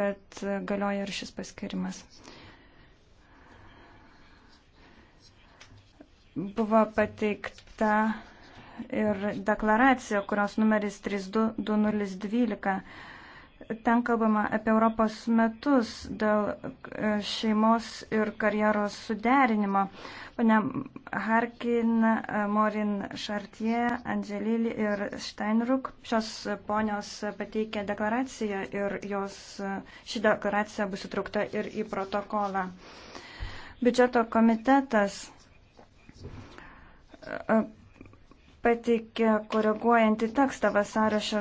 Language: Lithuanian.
kad galioja ir šis paskirimas. Buvo pateikta ir deklaracija, kurios numeris 322012 Ten kalbama apie Europos metus dėl e, šeimos ir karjeros suderinimo. Pane Harkin, e, Morin Chartier, Angelili ir Steinruk. Šios ponios pateikė deklaraciją ir jos, e, ši deklaracija bus įtraukta ir į protokolą. Biudžeto komitetas pateikė koreguojantį tekstą vasario 6